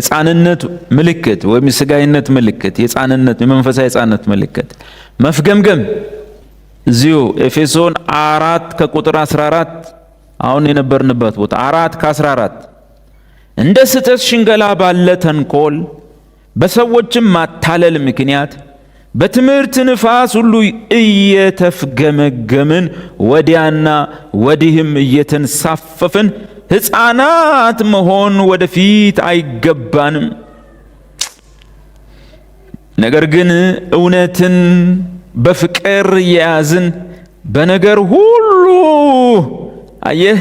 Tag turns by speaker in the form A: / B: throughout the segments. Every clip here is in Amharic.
A: የህፃንነት ምልክት ወይም የስጋይነት ምልክት የህፃንነት የመንፈሳዊ ህፃንነት ምልክት መፍገምገም እዚሁ ኤፌሶን አራት ከቁጥር 14 አሁን የነበርንበት ቦታ አራት ከ14 እንደ ስጠት ሽንገላ ባለ ተንኮል በሰዎችም ማታለል ምክንያት በትምህርት ንፋስ ሁሉ እየተፍገመገምን ወዲያና ወዲህም እየተንሳፈፍን ሕፃናት መሆን ወደፊት አይገባንም። ነገር ግን እውነትን በፍቅር የያዝን በነገር ሁሉ አየህ፣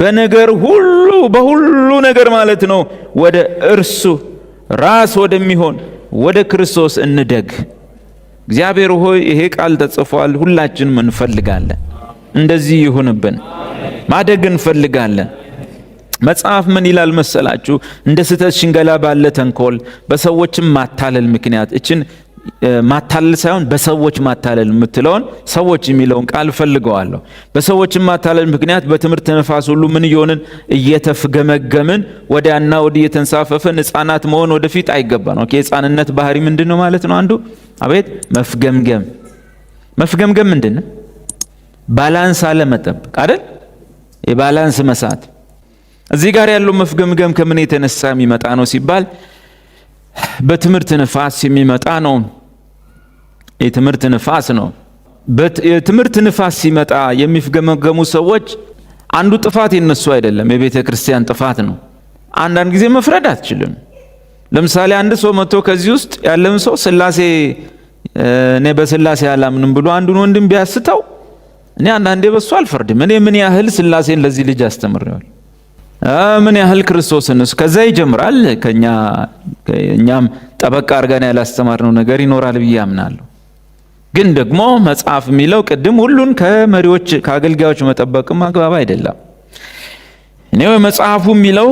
A: በነገር ሁሉ በሁሉ ነገር ማለት ነው ወደ እርሱ ራስ ወደሚሆን ወደ ክርስቶስ እንደግ። እግዚአብሔር ሆይ ይሄ ቃል ተጽፏል፣ ሁላችንም እንፈልጋለን። እንደዚህ ይሁንብን፣ ማደግ እንፈልጋለን። መጽሐፍ ምን ይላል መሰላችሁ? እንደ ስህተት ሽንገላ ባለ ተንኮል በሰዎችም ማታለል ምክንያት እችን ማታለል ሳይሆን በሰዎች ማታለል የምትለውን ሰዎች የሚለውን ቃል ፈልገዋለሁ። በሰዎች ማታለል ምክንያት በትምህርት ነፋስ ሁሉ ምን እየሆንን እየተፍገመገምን ወዲያና ወዲህ እየተንሳፈፍን ሕፃናት መሆን ወደፊት አይገባ ነው። የሕፃንነት ባህሪ ምንድን ነው ማለት ነው? አንዱ አቤት መፍገምገም። መፍገምገም ምንድን ነው? ባላንስ አለመጠበቅ አይደል? የባላንስ መሳት እዚህ ጋር ያለው መፍገምገም ከምን የተነሳ የሚመጣ ነው ሲባል በትምህርት ንፋስ የሚመጣ ነው። የትምህርት ንፋስ ነው። የትምህርት ንፋስ ሲመጣ የሚፍገመገሙ ሰዎች አንዱ ጥፋት የነሱ አይደለም፣ የቤተ ክርስቲያን ጥፋት ነው። አንዳንድ ጊዜ መፍረድ አትችልም። ለምሳሌ አንድ ሰው መጥቶ ከዚህ ውስጥ ያለም ሰው ስላሴ እኔ በስላሴ አላምንም ብሎ አንዱን ወንድም ቢያስተው እኔ አንዳንዴ በሱ አልፈርድም። እኔ ምን ያህል ስላሴን ለዚህ ልጅ አስተምሬዋል ምን ያህል ክርስቶስን እሱ ከዛ ይጀምራል። ከኛ እኛም ጠበቃ አድርገን ያላስተማርነው ነገር ይኖራል ብዬ አምናለሁ። ግን ደግሞ መጽሐፍ የሚለው ቅድም ሁሉን ከመሪዎች ከአገልጋዮች መጠበቅም አግባብ አይደለም። እኔው መጽሐፉ የሚለው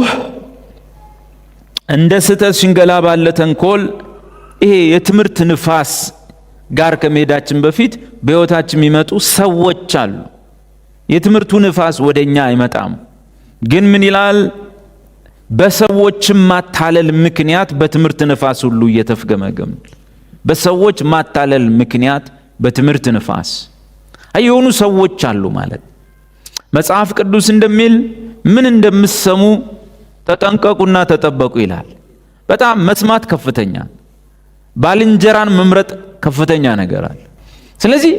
A: እንደ ስህተት ሽንገላ ባለ ተንኮል ይሄ የትምህርት ንፋስ ጋር ከመሄዳችን በፊት በሕይወታችን የሚመጡ ሰዎች አሉ። የትምህርቱ ንፋስ ወደ እኛ አይመጣም። ግን ምን ይላል? በሰዎች ማታለል ምክንያት በትምህርት ንፋስ ሁሉ እየተፍገመገም በሰዎች ማታለል ምክንያት በትምህርት ንፋስ የሆኑ ሰዎች አሉ ማለት መጽሐፍ ቅዱስ እንደሚል ምን እንደምትሰሙ ተጠንቀቁና ተጠበቁ ይላል። በጣም መስማት ከፍተኛ፣ ባልንጀራን መምረጥ ከፍተኛ ነገር አለ። ስለዚህ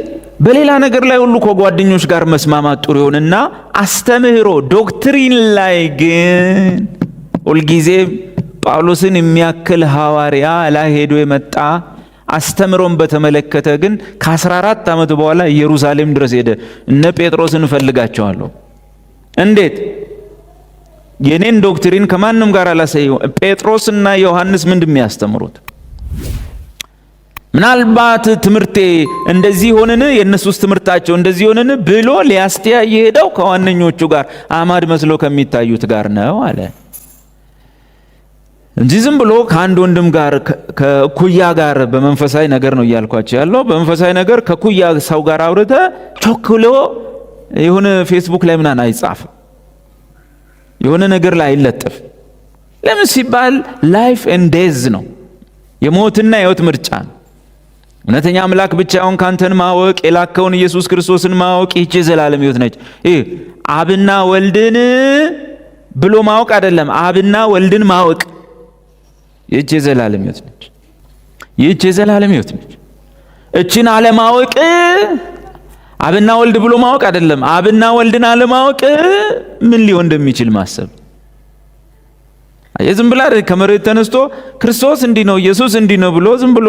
A: በሌላ ነገር ላይ ሁሉ ከጓደኞች ጋር መስማማት ጥሩ ይሆንና አስተምህሮ ዶክትሪን ላይ ግን ሁልጊዜ ጳውሎስን የሚያክል ሐዋርያ ላይ ሄዶ የመጣ አስተምሮን በተመለከተ ግን ከ14 ዓመት በኋላ ኢየሩሳሌም ድረስ ሄደ። እነ ጴጥሮስን እንፈልጋቸዋለሁ። እንዴት የኔን ዶክትሪን ከማንም ጋር አላሳየው። ጴጥሮስና ዮሐንስ ምንድን የሚያስተምሩት ምናልባት ትምህርቴ እንደዚህ ሆንን፣ የእነሱስ ትምህርታቸው እንደዚህ ሆንን ብሎ ሊያስተያይ የሄደው ከዋነኞቹ ጋር አማድ መስሎ ከሚታዩት ጋር ነው አለ እንጂ ዝም ብሎ ከአንድ ወንድም ጋር ከኩያ ጋር በመንፈሳዊ ነገር ነው እያልኳቸው ያለው። በመንፈሳዊ ነገር ከኩያ ሰው ጋር አውርተ ቾክ ብሎ የሆነ ፌስቡክ ላይ ምናን አይጻፍ የሆነ ነገር ላይ አይለጥፍ። ለምን ሲባል ላይፍ ኤንድ ዴዝ ነው የሞትና የህይወት ምርጫ ነው። እውነተኛ አምላክ ብቻውን ካንተን ማወቅ የላከውን ኢየሱስ ክርስቶስን ማወቅ ይቺ የዘላለም ሕይወት ነች። ይህ አብና ወልድን ብሎ ማወቅ አይደለም፣ አብና ወልድን ማወቅ ይቺ የዘላለም ሕይወት ነች። ይቺ የዘላለም ሕይወት ነች። እችን አለማወቅ አብና ወልድ ብሎ ማወቅ አይደለም፣ አብና ወልድን አለማወቅ ምን ሊሆን እንደሚችል ማሰብ ዝም ብላ ከመሬት ተነስቶ ክርስቶስ እንዲህ ነው ኢየሱስ እንዲህ ነው ብሎ ዝም ብሎ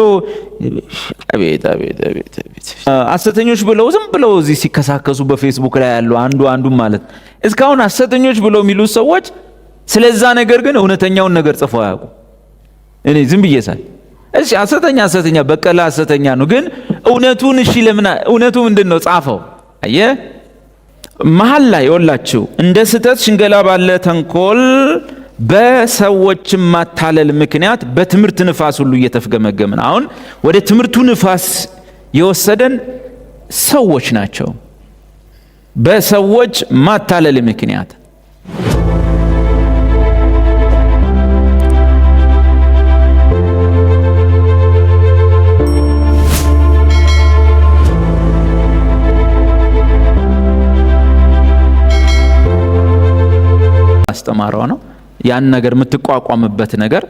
A: አሰተኞች ብለው ዝም ብለው እዚህ ሲከሳከሱ በፌስቡክ ላይ ያሉ አንዱ አንዱ ማለት እስካሁን አሰተኞች ብለው የሚሉት ሰዎች ስለዛ ነገር ግን እውነተኛውን ነገር ጽፎ አያውቁ። እኔ ዝም ብዬ ሳይ እሺ አሰተኛ አሰተኛ በቀለ አሰተኛ ነው፣ ግን እውነቱን እሺ ለምን እውነቱ ምንድን ነው ጻፈው። አየ መሀል ላይ ወላችሁ እንደ ስህተት ሽንገላ ባለ ተንኮል በሰዎች ማታለል ምክንያት በትምህርት ንፋስ ሁሉ እየተፍገመገምን፣ አሁን ወደ ትምህርቱ ንፋስ የወሰደን ሰዎች ናቸው። በሰዎች ማታለል ምክንያት አስተማረው ነው። ያን ነገር የምትቋቋምበት ነገር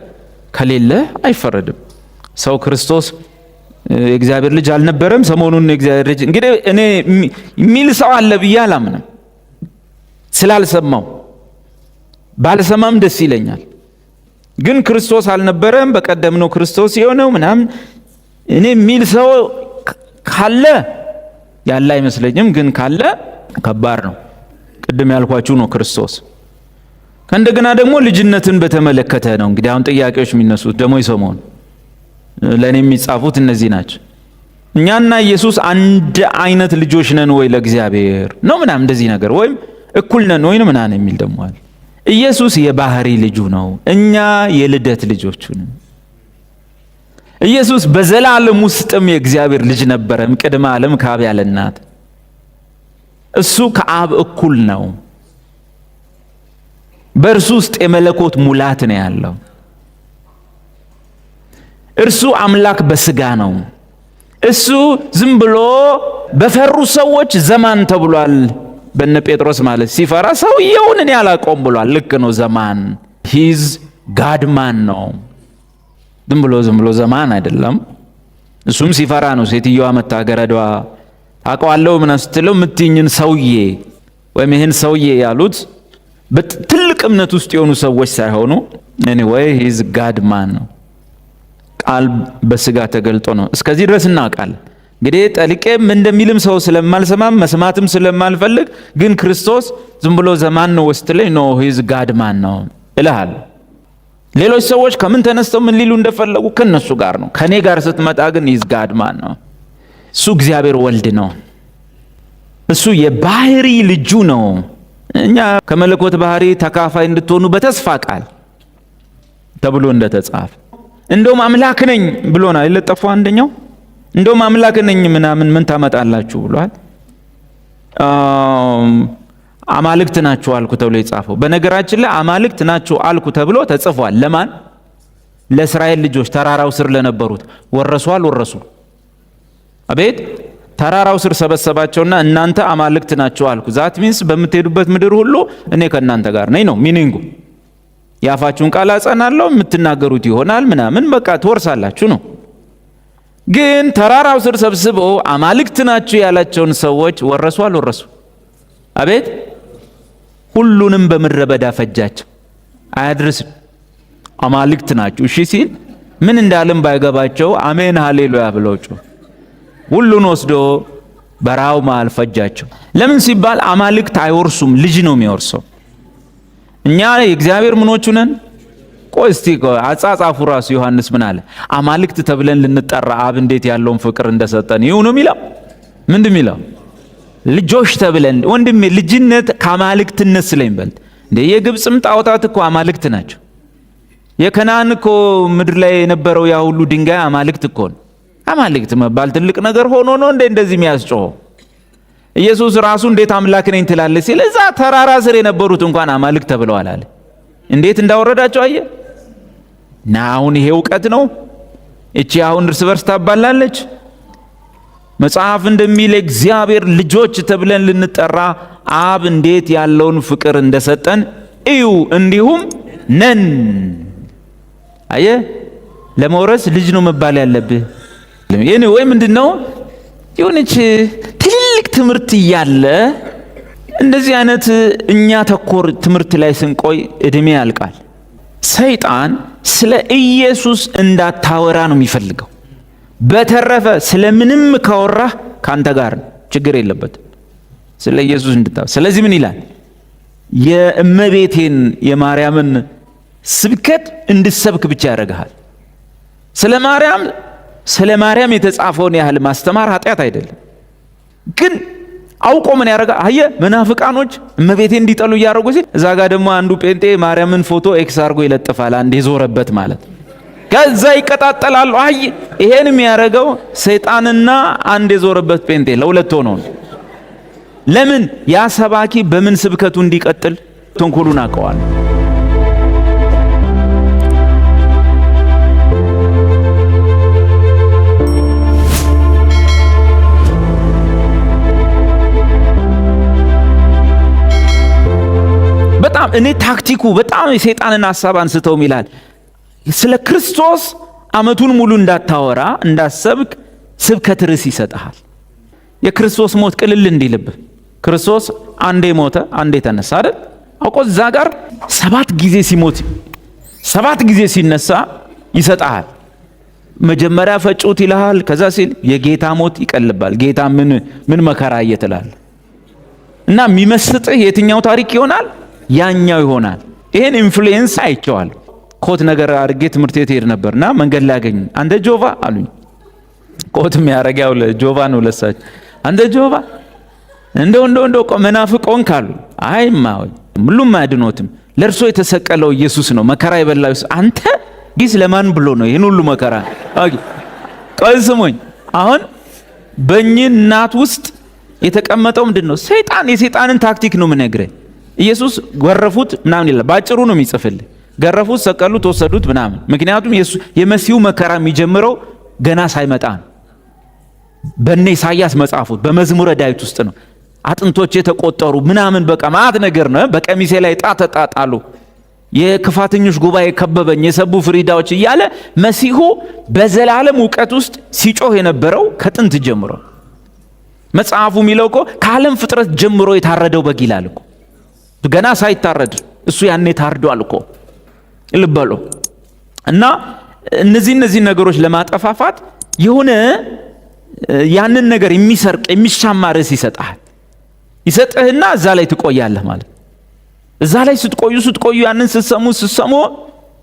A: ከሌለ አይፈረድም። ሰው ክርስቶስ የእግዚአብሔር ልጅ አልነበረም ሰሞኑን የእግዚአብሔር ልጅ እንግዲህ እኔ የሚል ሰው አለ ብዬ አላምንም። ስላልሰማው ባልሰማም ደስ ይለኛል። ግን ክርስቶስ አልነበረም በቀደም ነው ክርስቶስ የሆነው ምናምን እኔ የሚል ሰው ካለ ያለ አይመስለኝም። ግን ካለ ከባድ ነው። ቅድም ያልኳችሁ ነው ክርስቶስ እንደገና ደግሞ ልጅነትን በተመለከተ ነው እንግዲህ አሁን ጥያቄዎች የሚነሱት ደግሞ የሰሞኑ ለእኔ የሚጻፉት እነዚህ ናቸው። እኛና ኢየሱስ አንድ አይነት ልጆች ነን ወይ ለእግዚአብሔር ነው ምናምን እንደዚህ ነገር ወይም እኩል ነን ወይም ምናምን የሚል ደግሞ አለ። ኢየሱስ የባህሪ ልጁ ነው፣ እኛ የልደት ልጆቹ ነን። ኢየሱስ በዘላለም ውስጥም የእግዚአብሔር ልጅ ነበረም ቅድመ ዓለም ከአብ ያለ እናት እሱ ከአብ እኩል ነው። በእርሱ ውስጥ የመለኮት ሙላት ነው ያለው። እርሱ አምላክ በስጋ ነው። እሱ ዝም ብሎ በፈሩ ሰዎች ዘማን ተብሏል። በነ ጴጥሮስ ማለት ሲፈራ ሰውየውን እኔ አላቆም ብሏል። ልክ ነው። ዘማን ሂዝ ጋድማን ነው። ዝም ብሎ ዝም ብሎ ዘማን አይደለም። እሱም ሲፈራ ነው። ሴትየዋ መታገረዷ ገረዷ አውቀዋለሁ ምናምን ስትለው ምትኝን ሰውዬ ወይም ይህን ሰውዬ ያሉት እምነት ውስጥ የሆኑ ሰዎች ሳይሆኑ ኤኒዌይ ሂዝ ጋድ ማን ነው። ቃል በስጋ ተገልጦ ነው። እስከዚህ ድረስ እናውቃለን። እንግዲህ ጠልቄም እንደሚልም ሰው ስለማልሰማም መስማትም ስለማልፈልግ ግን ክርስቶስ ዝም ብሎ ዘማን ነው ወስትለኝ ኖ ሂዝ ጋድ ማን ነው እልሃል። ሌሎች ሰዎች ከምን ተነስተው ምን ሊሉ እንደፈለጉ ከነሱ ጋር ነው። ከኔ ጋር ስትመጣ ግን ሂዝ ጋድ ማን ነው። እሱ እግዚአብሔር ወልድ ነው። እሱ የባህሪ ልጁ ነው። እኛ ከመለኮት ባህሪ ተካፋይ እንድትሆኑ በተስፋ ቃል ተብሎ እንደተጻፈ እንደውም አምላክ ነኝ ብሎናል። የለጠፉ አንደኛው እንደውም አምላክ ነኝ ምናምን ምን ታመጣላችሁ ብሏል። አማልክት ናችሁ አልኩ ተብሎ የጻፈው በነገራችን ላይ አማልክት ናችሁ አልኩ ተብሎ ተጽፏል። ለማን ለእስራኤል ልጆች ተራራው ስር ለነበሩት ወረሱ አልወረሱ አቤት ተራራው ስር ሰበሰባቸውና እናንተ አማልክት ናቸው አልኩ። ዛት ሚንስ በምትሄዱበት ምድር ሁሉ እኔ ከእናንተ ጋር ነኝ ነው ሚኒንጉ። የአፋችሁን ቃል አጸናለሁ፣ የምትናገሩት ይሆናል ምናምን በቃ ትወርሳላችሁ ነው። ግን ተራራው ስር ሰብስቦ አማልክት ናችሁ ያላቸውን ሰዎች ወረሱ አልወረሱ? አቤት ሁሉንም በምድረ በዳ ፈጃቸው። አያድርስም። አማልክት ናችሁ እሺ ሲል ምን እንዳለም ባይገባቸው አሜን ሀሌሉያ ብለው ሁሉን ወስዶ በረሃው መሃል ፈጃቸው። ለምን ሲባል አማልክት አይወርሱም፣ ልጅ ነው የሚወርሰው። እኛ የእግዚአብሔር ምኖቹ ነን። ቆይ እስቲ አጻጻፉ ራሱ ዮሐንስ ምን አለ? አማልክት ተብለን ልንጠራ አብ እንዴት ያለውን ፍቅር እንደሰጠን ይሁኑ ሚለው ምንድን ሚለው ልጆች ተብለን ወንድሜ፣ ልጅነት ከአማልክትነት ስለሚበልጥ እንዴ፣ የግብፅም ጣዖታት እኮ አማልክት ናቸው። የከናን እኮ ምድር ላይ የነበረው ያ ሁሉ ድንጋይ አማልክት እኮ ነው። አማልክት መባል ትልቅ ነገር ሆኖ ነው እንደ እንደዚህ የሚያስጮሆ ኢየሱስ ራሱ እንዴት አምላክ ነኝ ትላለ ሲል እዛ ተራራ ስር የነበሩት እንኳን አማልክት ተብለዋል አለ። እንዴት እንዳወረዳቸው አየ ና አሁን ይሄ እውቀት ነው። እቺ አሁን እርስ በርስ ታባላለች። መጽሐፍ እንደሚል እግዚአብሔር ልጆች ተብለን ልንጠራ አብ እንዴት ያለውን ፍቅር እንደሰጠን እዩ፣ እንዲሁም ነን። አየ ለመውረስ ልጅ ነው መባል ያለብህ ይህን ወይ ምንድን ነው የሆነች ትልልቅ ትምህርት እያለ እንደዚህ አይነት እኛ ተኮር ትምህርት ላይ ስንቆይ እድሜ ያልቃል። ሰይጣን ስለ ኢየሱስ እንዳታወራ ነው የሚፈልገው። በተረፈ ስለ ምንም ካወራ ከአንተ ጋር ችግር የለበትም። ስለ ኢየሱስ እንድታ ስለዚህ ምን ይላል? የእመቤቴን የማርያምን ስብከት እንድሰብክ ብቻ ያደርግሃል። ስለ ማርያም ስለ ማርያም የተጻፈውን ያህል ማስተማር ኃጢአት አይደለም። ግን አውቆ ምን ያደረጋ አየ መናፍቃኖች እመቤቴ እንዲጠሉ እያደረጉ ሲል እዛ ጋር ደግሞ አንዱ ጴንጤ ማርያምን ፎቶ ኤክስ አድርጎ ይለጥፋል። አንድ የዞረበት ማለት ከዛ ይቀጣጠላሉ። አይ ይሄን የሚያደርገው ሰይጣንና አንድ የዞረበት ጴንጤ ለሁለት ሆኖ ነው። ለምን ያ ሰባኪ በምን ስብከቱ እንዲቀጥል ተንኮሉን አውቀዋል። እኔ ታክቲኩ በጣም የሰይጣንን ሀሳብ አንስተውም ይላል። ስለ ክርስቶስ አመቱን ሙሉ እንዳታወራ እንዳሰብክ ስብከት ርዕስ ይሰጠሃል። የክርስቶስ ሞት ቅልል እንዲልብህ ክርስቶስ አንዴ ሞተ፣ አንዴ ተነሳ አይደል? አውቆ እዛ ጋር ሰባት ጊዜ ሲሞት ሰባት ጊዜ ሲነሳ ይሰጠሃል። መጀመሪያ ፈጩት ይልሃል። ከዛ ሲል የጌታ ሞት ይቀልባል። ጌታ ምን ምን መከራ እየትላል እና የሚመስጥህ የትኛው ታሪክ ይሆናል? ያኛው ይሆናል። ይህን ኢንፍሉዌንስ አይቼዋለሁ። ኮት ነገር አድርጌ ትምህርት ቤት ሄድ ነበርና መንገድ ላይ አገኙ። አንተ ጆቫ አሉኝ። ኮት የሚያደርግ ያው ጆቫ ነው ለሳቸው። አንተ ጆቫ እንደው እንደው እንደው መናፍቅ ሆንክ አሉ። አይ ማወይ ሁሉም አድኖትም ለእርሶ የተሰቀለው ኢየሱስ ነው መከራ የበላው አንተ ጊስ ለማን ብሎ ነው ይህን ሁሉ መከራ? ኦኬ ቆይ ስሙኝ። አሁን በእኚህ እናት ውስጥ የተቀመጠው ምንድን ነው? ሰይጣን የሰይጣንን ታክቲክ ነው የምነግርህ። ኢየሱስ ገረፉት ምናምን ይላል። ባጭሩ ነው የሚጽፍልህ። ገረፉት፣ ሰቀሉት፣ ወሰዱት ምናምን። ምክንያቱም የመሲሁ መከራ የሚጀምረው ገና ሳይመጣ ነው። በነ ኢሳያስ መጽሐፍ በመዝሙረ ዳዊት ውስጥ ነው። አጥንቶች የተቆጠሩ ምናምን በቃ ማት ነገር ነው። በቀሚሴ ላይ ዕጣ ተጣጣሉ፣ የክፋተኞች ጉባኤ ከበበኝ፣ የሰቡ ፍሪዳዎች እያለ መሲሁ በዘላለም እውቀት ውስጥ ሲጮህ የነበረው ከጥንት ጀምሮ መጽሐፉ የሚለው እኮ ከዓለም ፍጥረት ጀምሮ የታረደው በግ ይላል እኮ ገና ሳይታረድ እሱ ያኔ ታርዷል እኮ ልበሎ እና እነዚህ እነዚህ ነገሮች ለማጠፋፋት የሆነ ያንን ነገር የሚሰርቅ የሚሻማ ርዕስ ይሰጣል ይሰጥህና እዛ ላይ ትቆያለህ ማለት እዛ ላይ ስትቆዩ ስትቆዩ ያንን ስትሰሙ ስትሰሙ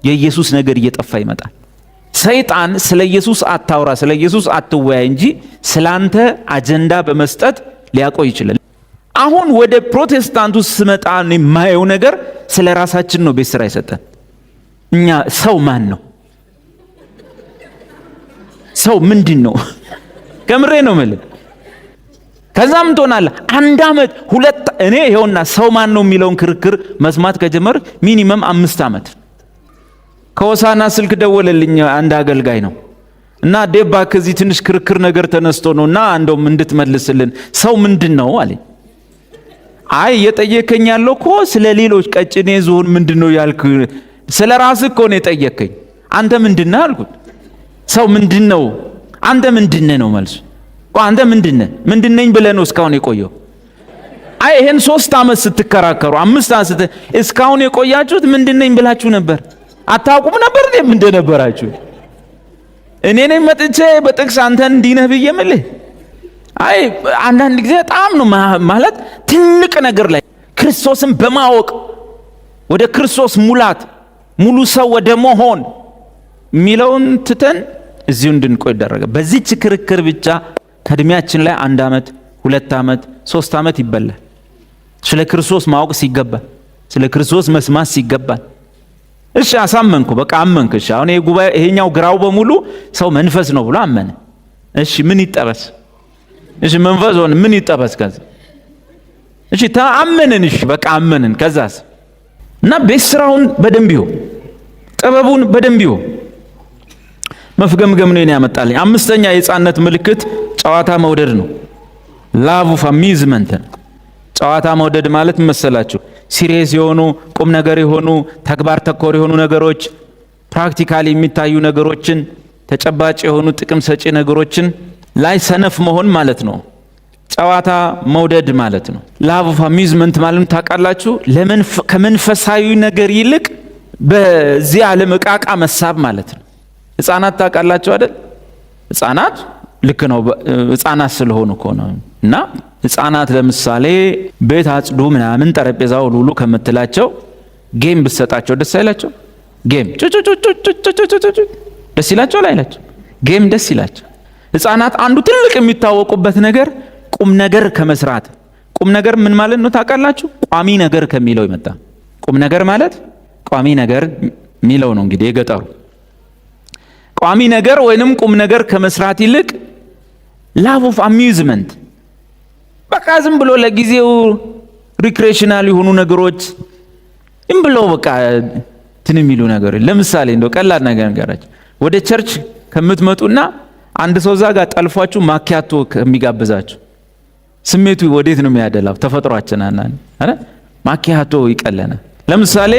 A: የኢየሱስ ነገር እየጠፋ ይመጣል ሰይጣን ስለ ኢየሱስ አታውራ ስለ ኢየሱስ አትወያይ እንጂ ስላንተ አጀንዳ በመስጠት ሊያቆይ ይችላል አሁን ወደ ፕሮቴስታንቱ ስመጣ የማየው ነገር ስለ ራሳችን ነው። ቤት ስራ የሰጠን እኛ ሰው ማን ነው? ሰው ምንድን ነው? ከምሬ ነው ማለት ከዛም ትሆናለ አንድ አመት ሁለት እኔ ይኸውና ሰው ማን ነው የሚለውን ክርክር መስማት ከጀመር ሚኒመም አምስት አመት ከወሳና ስልክ ደወለልኝ አንድ አገልጋይ ነው እና ዴባ ከዚህ ትንሽ ክርክር ነገር ተነስቶ ነው እና እንደውም እንድትመልስልን ሰው ምንድን ነው አለኝ አይ እየጠየከኝ ያለው እኮ ስለ ሌሎች ቀጭኔ ዞን ምንድን ነው ያልክ? ስለ ራስ እኮ ነው የጠየከኝ። አንተ ምንድን ነህ አልኩት። ሰው ምንድን ነው? አንተ ምንድን ነህ ነው መልሱ። አንተ ምንድን ነህ? ምንድን ነኝ ብለህ ነው እስካሁን የቆየው? አይ ይሄን ሶስት ዓመት ስትከራከሩ አምስት ስት እስካሁን የቆያችሁት ምንድን ነኝ ብላችሁ ነበር። አታውቁም ነበር ምንድን እንደነበራችሁ እኔ ነኝ መጥቼ በጥቅስ አንተን እንዲነህ ብዬ ምልህ አይ አንዳንድ ጊዜ በጣም ነው ማለት ትልቅ ነገር ላይ ክርስቶስን በማወቅ ወደ ክርስቶስ ሙላት ሙሉ ሰው ወደ መሆን የሚለውን ትተን እዚሁ እንድንቆ ይደረገ። በዚች ክርክር ብቻ ከእድሜያችን ላይ አንድ ዓመት ሁለት ዓመት ሶስት ዓመት ይበላል። ስለ ክርስቶስ ማወቅ ሲገባል፣ ስለ ክርስቶስ መስማት ሲገባል። እሺ አሳመንኩ፣ በቃ አመንክ። እሺ አሁን ይሄኛው ግራው በሙሉ ሰው መንፈስ ነው ብሎ አመነ። እሺ ምን ይጠበስ? እሺ መንፈስ ሆነ ምን ይጠበስ ከዛ እሺ ተአመንን እሺ በቃ አመንን ከዛስ እና ቤት ስራውን በደንብ ይሁን፣ ጥበቡን በደንብ ይሁን። መፍገምገም ነው ያመጣልኝ አምስተኛ የህፃንነት ምልክት ጨዋታ መውደድ ነው ላቭ ኦፍ አሚዝመንት ጨዋታ መውደድ ማለት መሰላችሁ ሲሪየስ የሆኑ ቁም ነገር የሆኑ ተግባር ተኮር የሆኑ ነገሮች ፕራክቲካሊ የሚታዩ ነገሮችን ተጨባጭ የሆኑ ጥቅም ሰጪ ነገሮችን ላይ ሰነፍ መሆን ማለት ነው። ጨዋታ መውደድ ማለት ነው። ላቭ ኦፍ አሚዝመንት ማለት ታውቃላችሁ፣ ከመንፈሳዊ ነገር ይልቅ በዚህ ዓለም እቃቃ መሳብ ማለት ነው። ህጻናት ታውቃላችሁ አይደል? ህጻናት ልክ ነው። ህጻናት ስለሆኑ እኮ ነው። እና ህጻናት ለምሳሌ ቤት አጽዱ ምናምን ጠረጴዛ ውሉሉ ከምትላቸው ጌም ብትሰጣቸው ደስ አይላቸው? ጌም ደስ ይላቸው ላይላቸው? ጌም ደስ ይላቸው ህፃናት አንዱ ትልቅ የሚታወቁበት ነገር ቁም ነገር ከመስራት ቁም ነገር ምን ማለት ነው ታውቃላችሁ? ቋሚ ነገር ከሚለው ይመጣ። ቁም ነገር ማለት ቋሚ ነገር የሚለው ነው። እንግዲህ የገጠሩ ቋሚ ነገር ወይንም ቁም ነገር ከመስራት ይልቅ ላቭ ኦፍ አሚዩዝመንት በቃ ዝም ብሎ ለጊዜው ሪክሬሽናል የሆኑ ነገሮች ዝም ብሎ በቃ እንትን የሚሉ ነገሮች። ለምሳሌ እንደው ቀላል ነገር ነገራቸው ወደ ቸርች ከምትመጡና አንድ ሰው እዛ ጋር ጠልፏችሁ ማኪያቶ ከሚጋብዛችሁ ስሜቱ ወዴት ነው የሚያደላው? ተፈጥሯችን አና ማኪያቶ ይቀለናል። ለምሳሌ